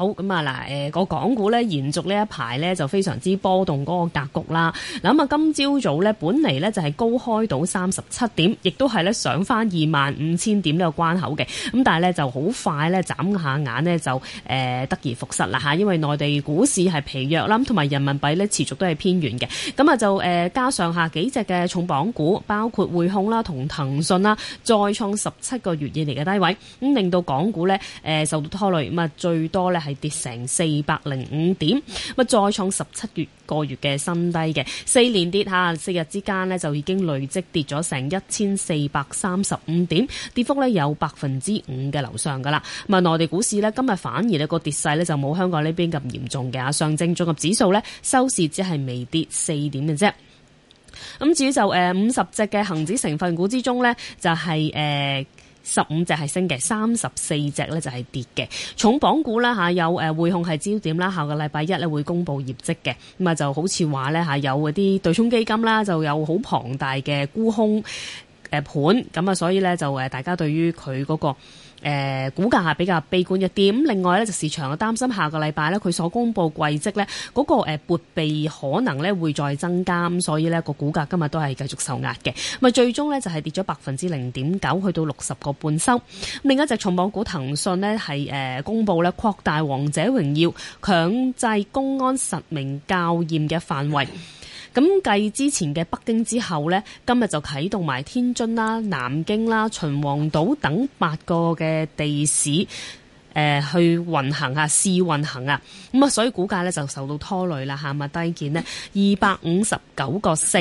好，咁啊嗱，誒個、呃、港股咧延續呢一排咧就非常之波動嗰個格局啦。嗱咁啊，今朝早咧本嚟，咧就係、是、高開到三十七點，亦都係咧上返二萬五千點呢個關口嘅。咁但係咧就好快咧眨下眼呢，就誒、呃、得而復失啦吓，因為內地股市係疲弱啦，同埋人民幣咧持續都係偏軟嘅。咁啊就誒、呃、加上下幾隻嘅重磅股，包括匯控啦同騰訊啦，再創十七個月以嚟嘅低位，咁令到港股咧誒、呃、受到拖累。咁啊最多咧係。跌成四百零五點，咪再創十七月個月嘅新低嘅，四連跌吓，四日之間呢就已經累積跌咗成一千四百三十五點，跌幅呢有百分之五嘅樓上噶啦。咁啊，內地股市呢，今日反而呢個跌勢呢就冇香港呢邊咁嚴重嘅。啊，上證綜合指數呢，收市只係微跌四點嘅啫。咁至於就誒五十隻嘅恒指成分股之中呢、就是，就係誒。十五隻係升嘅，三十四隻呢就係跌嘅。重磅股呢吓有誒匯控係焦點啦，下個禮拜一呢會公布業績嘅，咁啊就好似話呢，吓有嗰啲對沖基金啦，就有好龐大嘅沽空。誒盤咁啊，所以呢，就誒大家對於佢嗰個誒股價係比較悲觀一啲。咁另外呢，就市場嘅擔心下個禮拜呢，佢所公布的季績呢，嗰個誒撥備可能呢會再增加，所以呢，個股價今日都係繼續受壓嘅。咁啊，最終呢，就係跌咗百分之零點九，去到六十個半收。另一隻重磅股騰訊呢，係誒公佈咧擴大《王者榮耀》強制公安實名校驗嘅範圍。咁繼之前嘅北京之後咧，今日就啟動埋天津啦、南京啦、秦皇島等八個嘅地市，誒、呃、去運行下試運行啊！咁啊，所以股價咧就受到拖累啦吓，咪低見咧二百五十九個四。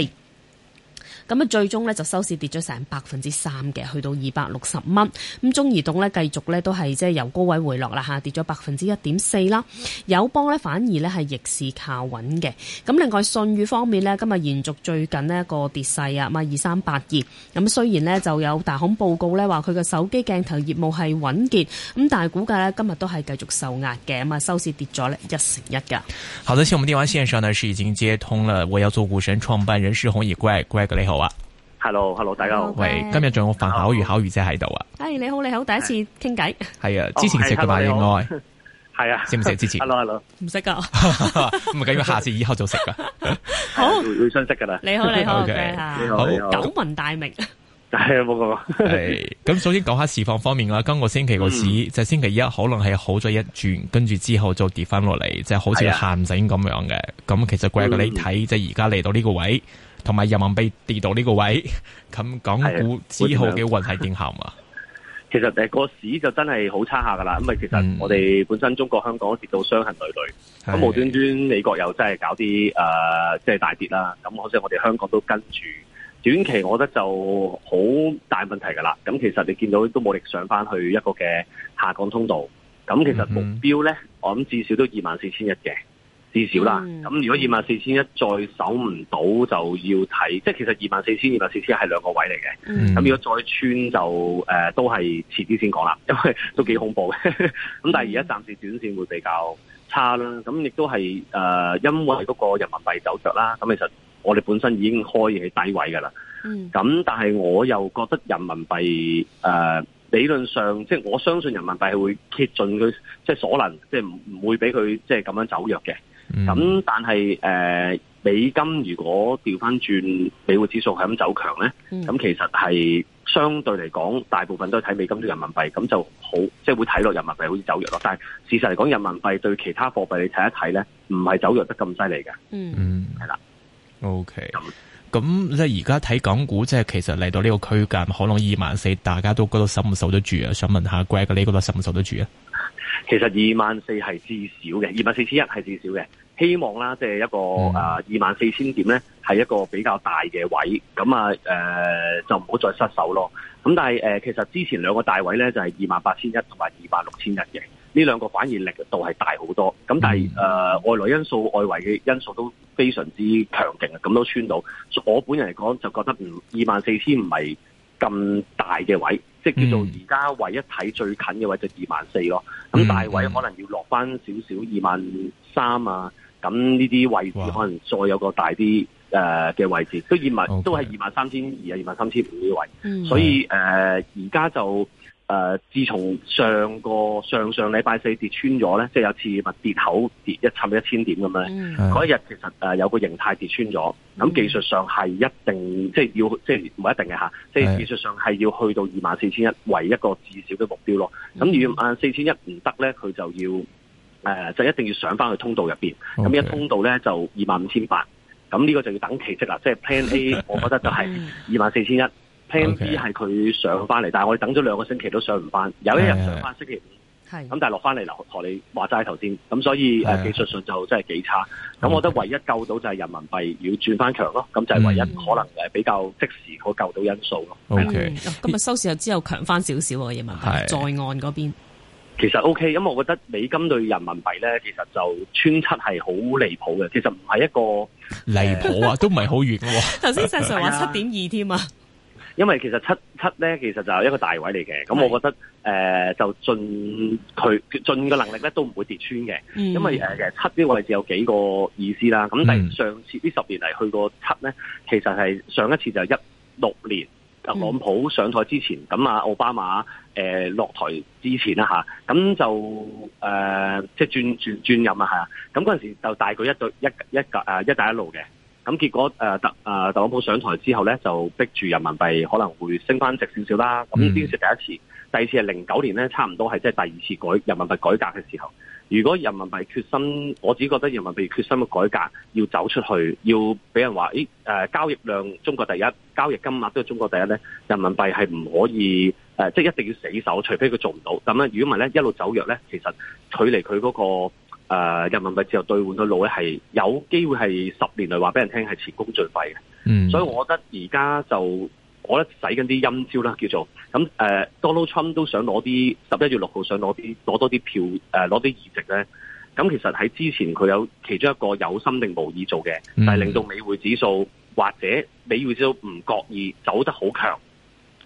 咁啊，最終呢，就收市跌咗成百分之三嘅，去到二百六十蚊。咁中移動呢，繼續呢都係即係由高位回落啦嚇，下跌咗百分之一點四啦。友邦呢，反而呢係逆市靠穩嘅。咁另外信譽方面呢，今日延續最近呢一個跌勢啊，咁二三八二。咁雖然呢就有大行報告呢話佢嘅手機鏡頭業務係穩健，咁但係股價呢，今日都係繼續受壓嘅，咁啊收市跌咗呢一成一噶。好，多謝我們電話線上呢是已經接通了，我要做股神創辦人施宏毅，乖乖哥你好。hello hello 大家好，喂，今日仲有范考魚考魚姐喺度啊，哎你好你好，第一次傾偈，係啊，之前食嘅嘛，應該係啊，識唔識之前，hello hello，唔識噶，咁啊，緊要下次以後就識噶，好，會相識噶啦，你好你好，久聞大名，係冇錯，咁首先講下市況方面啦，今個星期個市就星期一可能係好咗一轉，跟住之後就跌翻落嚟，即係好似陷阱咁樣嘅，咁其實貴嘅你睇，即係而家嚟到呢個位。同埋人民幣跌到呢個位，咁港股之後嘅運勢點行啊？ 其實誒、嗰個市就真係好差下噶啦，咁啊其實我哋本身中國香港都跌到傷痕累累，咁的無端端美國又真係搞啲誒即係大跌啦，咁好似我哋香港都跟住短期，我覺得就好大問題噶啦。咁其實你見到都冇力上翻去一個嘅下降通道，咁其實目標咧，mm hmm. 我諗至少都二萬四千一嘅。至少啦，咁如果二萬四千一再守唔到，就要睇，嗯、即係其實二萬四千、二萬四千一係兩個位嚟嘅。咁、嗯、如果再穿就誒、呃，都係遲啲先講啦，因為都幾恐怖嘅。咁 但係而家暫時短線會比較差啦。咁亦都係誒，因為嗰個人民幣走弱啦。咁其實我哋本身已經開喺低位噶啦。咁、嗯、但係我又覺得人民幣誒、呃，理論上即係我相信人民幣係會竭盡佢即係所能，即係唔唔會俾佢即係咁樣走弱嘅。咁、嗯、但係誒、呃，美金如果調翻轉，美匯指數係咁走強咧，咁、嗯、其實係相對嚟講，大部分都係睇美金對人民幣，咁就好，即係會睇落人民幣好似走弱咯。但係事實嚟講，人民幣對其他貨幣你睇一睇咧，唔係走弱得咁犀利㗎。嗯，係啦的。OK。咁咁係而家睇港股，即係其實嚟到呢個區間，可能二萬四，大家都覺得受唔受得住啊？想問下 Greg 你覺得受唔受得住啊？其實二萬四係至少嘅，二萬四千一係至少嘅。希望啦，即係一個誒二萬四千點咧，係、嗯呃、一個比較大嘅位，咁啊誒就唔好再失手咯。咁但係誒、呃，其實之前兩個大位咧就係二萬八千一同埋二萬六千一嘅，呢兩個反而力度係大好多。咁但係誒、嗯呃，外來因素、外圍嘅因素都非常之強勁啊，咁都穿到。我本人嚟講就覺得唔二萬四千唔係。24, 咁大嘅位，即叫做而家唯一睇最近嘅位就二萬四咯，咁大位可能要落翻少少二萬三啊，咁呢啲位置可能再有個大啲誒嘅位置，都二萬 okay, 都係二萬三千二啊，二萬三千五呢位，所以誒而家就。誒、呃，自從上個上上禮拜四跌穿咗咧，即係有次物跌口跌一侵一千點咁樣，嗰、嗯、一日其實誒有個形態跌穿咗，咁、嗯、技術上係一定，即係要即係唔一定嘅吓，即係技術上係要去到二萬四千一為一個至少嘅目標咯。咁二萬四千一唔得咧，佢就要誒、呃，就一定要上翻去通道入邊，咁一 Okay. 通道咧就二萬五千八，咁呢個就要等奇蹟啦。即係 Plan A，我覺得就係二萬四千一。嗯 P.M.B 係佢上翻嚟，但係我哋等咗兩個星期都上唔翻，有一日上翻星期五，係咁但係落翻嚟留台你話齋頭先，咁所以誒技術上就真係幾差，咁我覺得唯一救到就係人民幣要轉翻強咯，咁就係唯一可能誒比較即時可救到因素咯。O.K. 咁啊，收市之後強翻少少啊，葉文，在岸嗰邊，其實 O.K.，咁我覺得美金對人民幣咧，其實就穿七係好離譜嘅，其實唔係一個離譜啊，都唔係好遠喎。頭先石 s i 話七點二添啊。因為其實七七咧，其實就係一個大位嚟嘅，咁是我覺得誒、呃、就盡佢盡嘅能力咧都唔會跌穿嘅，嗯、因為誒、呃、七呢個位置有幾個意思啦，咁但係上次呢十年嚟去過七咧，其實係上一次就係一六年特朗普上台之前，咁啊奧巴馬誒落、呃、台之前啦吓，咁、啊、就誒即係轉轉轉任啊吓，咁嗰陣時就大概一對一一九誒一帶一路嘅。咁結果誒特誒特朗普上台之後咧，就逼住人民幣可能會升翻值少少啦。咁呢先是第一次，第二次係零九年咧，差唔多係即係第二次改人民幣改革嘅時候。如果人民幣決心，我自己覺得人民幣決心嘅改革要走出去，要俾人話誒交易量中國第一，交易金額都係中國第一咧，人民幣係唔可以誒、呃，即係一定要死守，除非佢做唔到。咁咧，如果唔係咧，一路走弱咧，其實距離佢嗰、那個。誒、uh, 人民幣自由兌換嘅路咧，係有機會係十年嚟話俾人聽係前功盡廢嘅。嗯，mm. 所以我覺得而家就我覺得使緊啲陰招啦，叫做咁誒、uh,Donald Trump 都想攞啲十一月六號想攞啲攞多啲票誒攞啲議席咧。咁其實喺之前佢有其中一個有心定無意做嘅，mm. 就係令到美匯指數或者美匯指數唔覺意走得好強。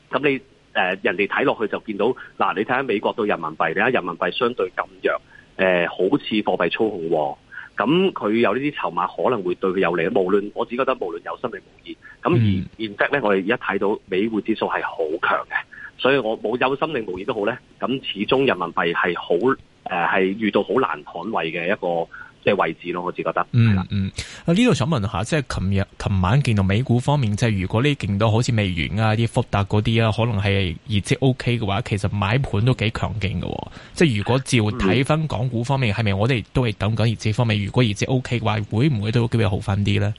咁你誒、uh, 人哋睇落去就見到嗱、啊，你睇下美國對人民幣，你睇下人民幣相對咁弱。誒、呃、好似貨幣操控，咁佢有呢啲籌碼可能會對佢有利。無論我只覺得無論有心定無意，咁而現則咧，我哋而家睇到美匯指數係好強嘅，所以我冇有，有心定無意都好咧，咁始終人民幣係好係遇到好難捍衞嘅一個。即係位置咯，我自覺得。嗯嗯，啊呢度想問下，即係琴日、琴晚見到美股方面，即係如果你見到好似美元啊、啲福特嗰啲啊，可能係業績 OK 嘅話，其實買盤都幾強勁嘅、啊。即係如果照睇翻港股方面，係咪、嗯、我哋都係等緊業績方面？如果業績 OK 嘅話，會唔會都比較好返啲呢？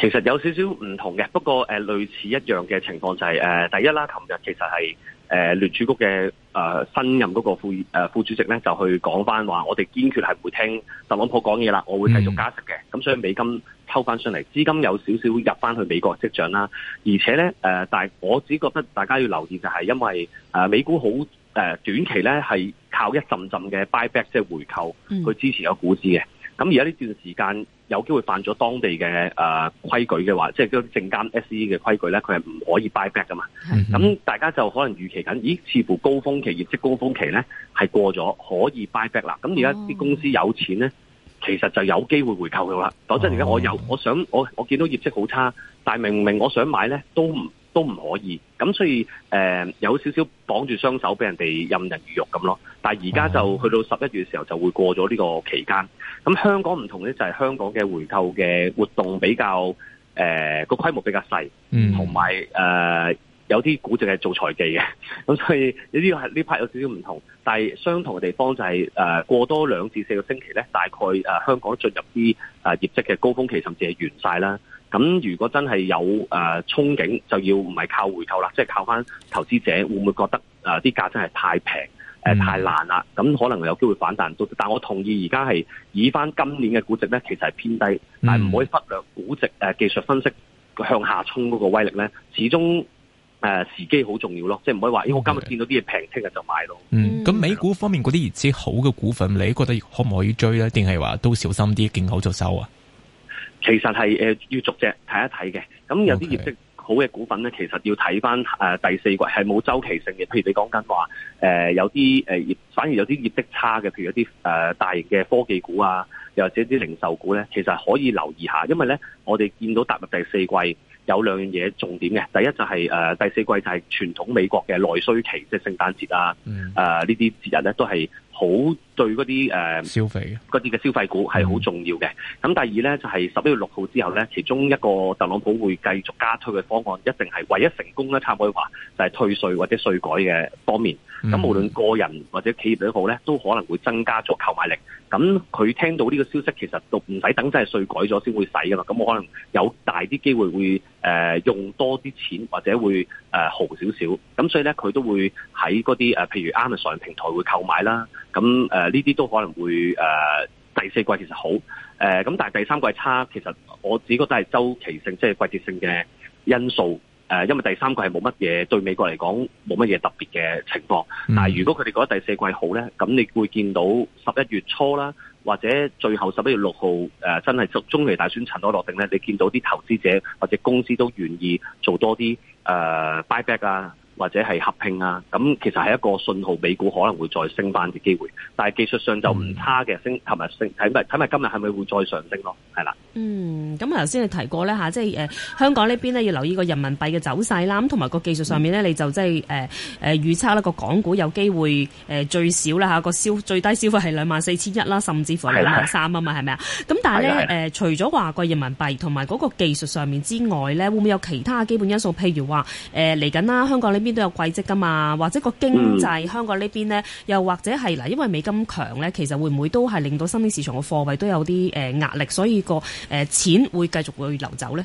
其實有少少唔同嘅，不過誒、呃、類似一樣嘅情況就係、是、誒、呃、第一啦。琴日其實係。誒聯儲局嘅誒、呃、新任嗰個副誒、呃、副主席咧，就去講翻話，我哋堅決係唔會聽特朗普講嘢啦，我會繼續加息嘅。咁、嗯、所以美金抽翻上嚟，資金有少少入翻去美國跡象啦。而且咧誒、呃，但係我只覺得大家要留意就係，因為誒、呃、美股好誒、呃、短期咧係靠一陣陣嘅 buy back 即係回購去支持個股市嘅。咁而家呢段時間。有機會犯咗當地嘅誒、呃、規矩嘅話，即係嗰啲證監 SE 嘅規矩咧，佢係唔可以 buy back 噶嘛。咁、mm hmm. 大家就可能預期緊，咦？似乎高峰期業績高峰期咧係過咗，可以 buy back 啦。咁而家啲公司有錢咧，oh. 其實就有機會回購嘅啦。講、oh. 真，而家我有我想我我見到業績好差，但係明明我想買咧都唔。都唔可以，咁所以誒、呃、有少少綁住雙手俾人哋任人魚肉咁咯。但係而家就去到十一月時候就會過咗呢個期間。咁香港唔同咧，就係香港嘅回購嘅活動比較誒個、呃、規模比較細，同埋誒有啲股、呃、淨係做財技嘅。咁所以呢個排有少少唔同，但係相同嘅地方就係、是、誒、呃、過多兩至四個星期咧，大概、呃、香港進入啲誒業績嘅高峰期，甚至係完晒啦。咁如果真係有誒憧憬，就要唔係靠回購啦，即係靠翻投資者會唔會覺得誒啲價真係太平、嗯、太爛啦？咁可能有機會反彈到。但我同意而家係以翻今年嘅估值咧，其實係偏低，嗯、但係唔可以忽略估值誒技術分析向下衝嗰個威力咧。始終誒時機好重要咯，即係唔可以話，咦、哎，我今日見到啲嘢平，聽日就買咯。咁、嗯嗯、美股方面嗰啲熱資好嘅股份，你覺得可唔可以追咧？定係話都小心啲，見好就收啊？其實係誒要逐隻睇一睇嘅，咁、嗯、有啲業績好嘅股份咧，其實要睇翻誒第四季係冇周期性嘅，譬如你講緊話誒有啲誒業反而有啲業績差嘅，譬如一啲誒大型嘅科技股啊，又或者啲零售股咧，其實可以留意下，因為咧我哋見到踏入第四季有兩樣嘢重點嘅，第一就係、是、誒、呃、第四季就係傳統美國嘅內需期，即係聖誕節啊，誒、嗯呃、呢啲節日咧都係好。對嗰啲誒消費嗰啲嘅消費股係好重要嘅。咁、嗯、第二呢，就係十一月六號之後呢，其中一個特朗普會繼續加推嘅方案，一定係唯一成功咧。差唔多話就係退稅或者稅改嘅方面。咁無論個人或者企業都好呢，都可能會增加咗購買力。咁佢聽到呢個消息，其實都唔使等真係稅改咗先會使噶嘛。咁我可能有大啲機會會誒、呃、用多啲錢或者會誒、呃、豪少少。咁所以呢，佢都會喺嗰啲誒譬如 Amazon 平台會購買啦。咁誒。呃呢啲都可能會誒、呃、第四季其實好誒，咁、呃、但係第三季差，其實我自己覺得係周期性，即、就、係、是、季節性嘅因素誒、呃，因為第三季係冇乜嘢對美國嚟講冇乜嘢特別嘅情況。但係如果佢哋覺得第四季好咧，咁你會見到十一月初啦，或者最後十一月六號誒，真係中期大選塵埃落定咧，你見到啲投資者或者公司都願意做多啲誒、呃、buyback 啊。或者係合併啊，咁其實係一個信號，美股可能會再升翻啲機會。但係技術上就唔差嘅升，係咪升，睇埋睇埋今日係咪會再上升咯？係啦。嗯，咁我頭先你提過咧嚇，即係誒香港呢邊呢，要留意個人民幣嘅走勢啦，咁同埋個技術上面咧，嗯、你就即係誒誒預測咧個港股有機會誒最少啦嚇個消最低消費係兩萬四千一啦，甚至乎兩萬三啊嘛係咪啊？咁但係咧誒，除咗話個人民幣同埋嗰個技術上面之外咧，會唔會有其他基本因素？譬如話誒嚟緊啦，呃、香港呢邊。都有季績噶嘛，或者個經濟、嗯、香港呢邊呢，又或者係嗱，因為美金強呢，其實會唔會都係令到新興市場個貨幣都有啲誒、呃、壓力，所以、那個誒、呃、錢會繼續會流走呢？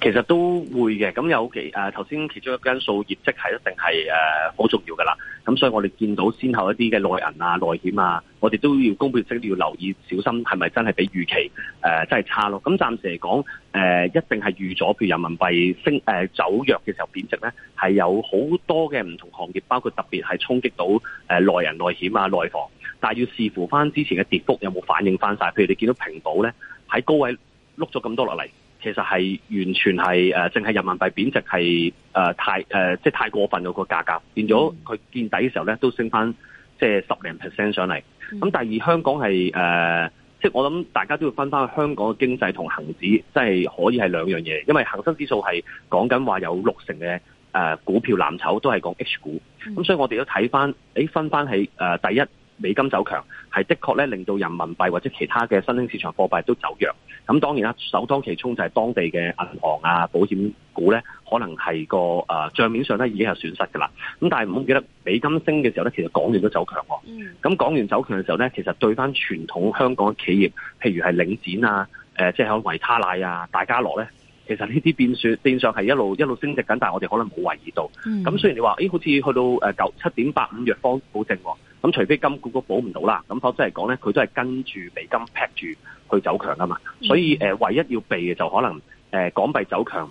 其實都會嘅，咁有其，誒，頭先其中一因素，業績係一定係誒好重要噶啦。咁所以我哋見到先後一啲嘅內銀啊、內險啊，我哋都要公佈息，都要留意小心，係咪真係比預期誒、啊、真係差咯？咁暫時嚟講，誒、啊、一定係預咗，譬如人民幣升誒、啊、走弱嘅時候貶值咧，係有好多嘅唔同行業，包括特別係衝擊到誒內銀、內險啊、內房。但係要視乎翻之前嘅跌幅有冇反映翻晒，譬如你見到平保咧喺高位碌咗咁多落嚟。其實係完全係誒，淨、呃、係人民幣貶值係誒太誒，即係太過分咯，那個價格，變咗佢見底嘅時候咧，都升翻即係十零 percent 上嚟。咁第二香港係誒，即、呃、係、就是、我諗大家都要分翻香港嘅經濟同恒指，真係可以係兩樣嘢，因為恒生指數係講緊話有六成嘅誒股票藍籌都係講 H 股，咁、嗯、所以我哋都睇翻誒分翻喺誒第一。美金走強，係的確咧令到人民幣或者其他嘅新興市場貨幣都走弱。咁當然啦，首當其衝就係當地嘅銀行啊、保險股咧，可能係個誒賬、呃、面上咧已經係損失噶啦。咁但係唔好唔記得美金升嘅時候咧，其實港元都走強喎、哦。咁港元走強嘅時候咧，其實對翻傳統香港嘅企業，譬如係領展啊、誒、呃、即係喺維他奶啊、大家樂咧，其實呢啲變數變相係一路一路升值緊，但係我哋可能冇懷疑到。咁、嗯、雖然你話，誒、欸、好似去到誒九七點八五弱方保證。呃咁除非金股都保唔到啦，咁否則嚟講咧，佢都係跟住美金劈住去走強啊嘛。所以誒，唯一要避嘅就可能誒，港幣走強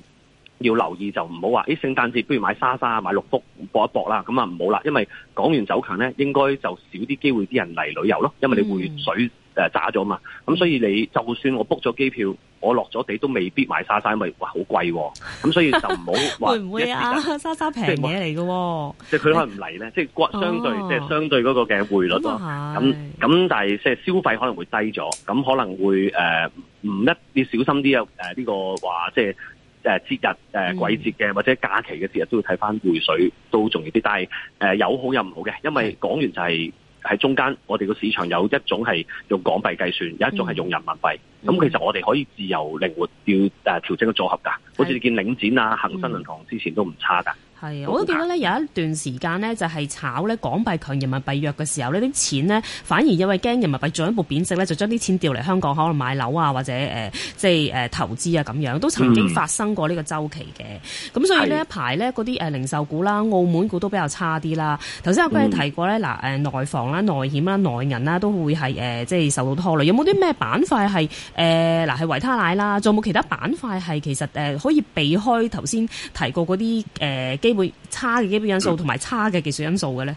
要留意就唔好話誒，聖誕節不如買莎莎、買六福搏一搏啦。咁啊唔好啦，因為港元走強咧，應該就少啲機會啲人嚟旅遊咯，因為你會水誒炸咗嘛。咁所以你就算我 book 咗機票。我落咗地都未必買莎莎，因為哇好貴喎、哦，咁、嗯、所以就唔好話會唔會啊，啊？莎莎平嘢嚟嘅，即係佢可能唔嚟咧，即係相對即係相對嗰個嘅匯率咯。咁咁，但係即係消費可能會低咗，咁可能會唔、呃、一要小心啲啊！呢、呃這個話、呃、即係、呃、節日鬼、呃、節嘅、嗯、或者假期嘅節日都要睇翻匯水都好重要啲，但係、呃、有好有唔好嘅，因為講完就係、是。嗯喺中間，我哋個市場有一種係用港幣計算，嗯、有一種係用人民幣。咁、嗯、其實我哋可以自由靈活調誒調整個組合㗎。好似你見領展啊、恒生銀行之前都唔差㗎。我都記得咧有一段時間呢，就係炒咧港幣強人民幣弱嘅時候呢，啲錢呢反而因為驚人民幣進一步貶值咧，就將啲錢調嚟香港可能買樓啊或者、呃、即係、呃、投資啊咁樣，都曾經發生過呢個周期嘅。咁、嗯、所以呢一排咧嗰啲零售股啦、澳門股都比較差啲啦。頭先阿個提過咧，嗱誒、嗯呃、內房啦、內險啦、內銀啦都會係、呃、即係受到拖累。有冇啲咩板塊係誒嗱係維他奶啦？仲有冇其他板塊係其實、呃、可以避開頭先提過嗰啲基，呃會差嘅基本因素，同埋差嘅技術因素嘅咧？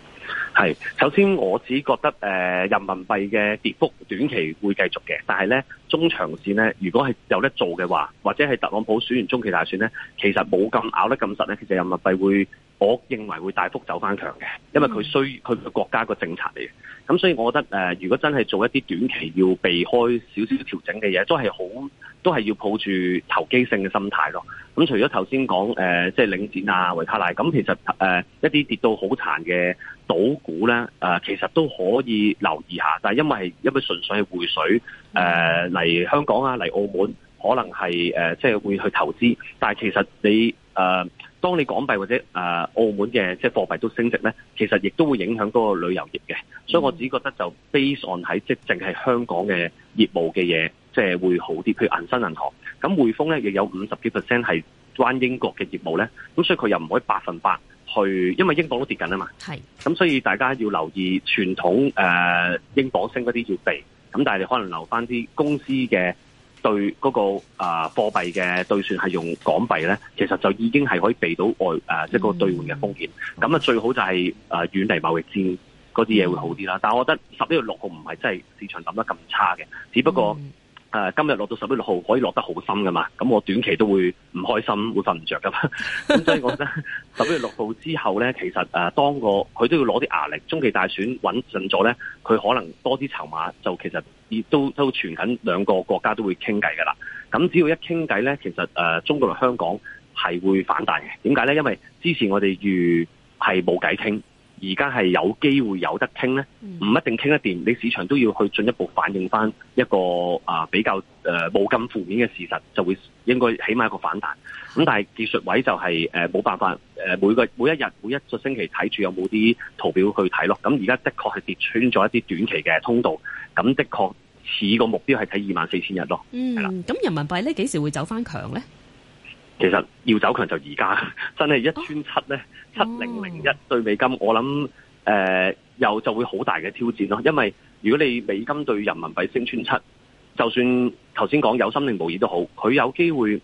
係，首先我只覺得誒、呃，人民幣嘅跌幅短期會繼續嘅，但係咧中長線咧，如果係有得做嘅話，或者係特朗普選完中期大選咧，其實冇咁咬得咁實咧，其實人民幣會，我認為會大幅走翻強嘅，因為佢需佢國家個政策嚟嘅。咁、嗯、所以，我覺得誒、呃，如果真係做一啲短期要避開少少調整嘅嘢，都係好，都係要抱住投機性嘅心態咯。咁、嗯、除咗頭先講誒，即、呃、係、就是、領展啊、維他奶，咁、嗯、其實誒、呃、一啲跌到好殘嘅賭股咧，誒、呃、其實都可以留意下，但係因為因為純粹係匯水誒嚟、呃、香港啊嚟澳門，可能係即係會去投資，但係其實你誒。呃.當你港幣或者誒澳門嘅即係貨幣都升值咧，其實亦都會影響嗰個旅遊業嘅，所以我只覺得就 based on 喺即係淨係香港嘅業務嘅嘢，即係會好啲。譬如銀生銀行，咁匯豐咧亦有五十幾 percent 係關英國嘅業務咧，咁所以佢又唔可以百分百去，因為英鎊都跌緊啊嘛。咁是所以大家要留意傳統誒、呃、英鎊升嗰啲要避，咁但係你可能留返啲公司嘅。對嗰、那個啊貨幣嘅兌算係用港幣呢，其實就已經係可以避到外誒、呃、即係個兌換嘅風險。咁啊、mm，hmm. 最好就係誒遠離貿易戰嗰啲嘢會好啲啦。但係我覺得十一月六號唔係真係市場諗得咁差嘅，只不過。Mm hmm. 啊！今日落到十一月六號可以落得好深噶嘛？咁我短期都會唔開心，會瞓唔着噶嘛？咁 所以我覺得十一月六號之後咧，其實，誒、啊，當個佢都要攞啲壓力，中期大選穩陣咗咧，佢可能多啲籌碼，就其實亦都都傳緊兩個國家都會傾偈噶啦。咁只要一傾偈咧，其實，誒、呃，中國同香港係會反彈嘅。點解咧？因為之前我哋預係冇偈傾。而家係有機會有得傾咧，唔一定傾得掂，你市場都要去進一步反映翻一個啊、呃、比較誒冇咁負面嘅事實，就會應該起碼一個反彈。咁、嗯、但係技術位就係誒冇辦法、呃、每個每一日、每一個星期睇住有冇啲圖表去睇咯。咁而家的確係跌穿咗一啲短期嘅通道，咁的確似個目標係睇二萬四千日咯。嗯，係啦。咁人民幣咧幾時會走翻強咧？其實要走強就而家，真係一穿七咧，七零零一對美金，我諗誒、呃、又就會好大嘅挑戰咯。因為如果你美金對人民幣升穿七，就算頭先講有心定無意都好，佢有機會誒、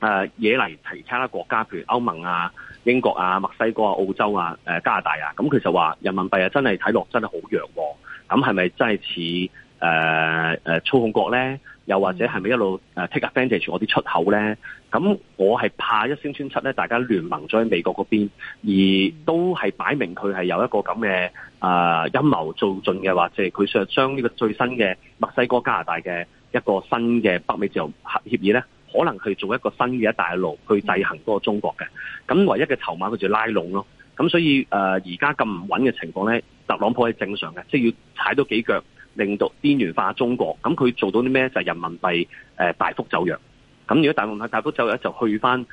呃、惹嚟其他國家，譬如歐盟啊、英國啊、墨西哥啊、澳洲啊、誒、呃、加拿大啊，咁佢就話人民幣啊真係睇落真係好弱，咁係咪真係似誒誒操控國咧？又或者係咪一路誒 take advantage 我啲出口咧？咁我係怕一聲穿七咧，大家聯盟咗喺美國嗰邊，而都係擺明佢係有一個咁嘅、呃、陰謀做盡嘅話，即係佢想將呢個最新嘅墨西哥加拿大嘅一個新嘅北美自由協議咧，可能去做一個新嘅一帶路去制衡嗰個中國嘅。咁唯一嘅籌碼佢就拉攏咯。咁所以而家咁唔穩嘅情況咧，特朗普係正常嘅，即係要踩多幾腳。令到邊緣化中國，咁佢做到啲咩就係、是、人民幣、呃、大幅走弱。咁如果人民幣大幅走弱，就去翻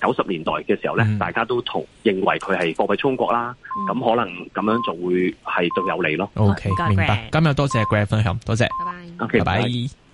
九十年代嘅時候咧，嗯、大家都同認為佢係貨幣衝國啦。咁可能咁樣就會係都有利咯。嗯、OK，明白。今日多謝 g r 分享，多謝，謝。Okay, 拜拜。拜拜。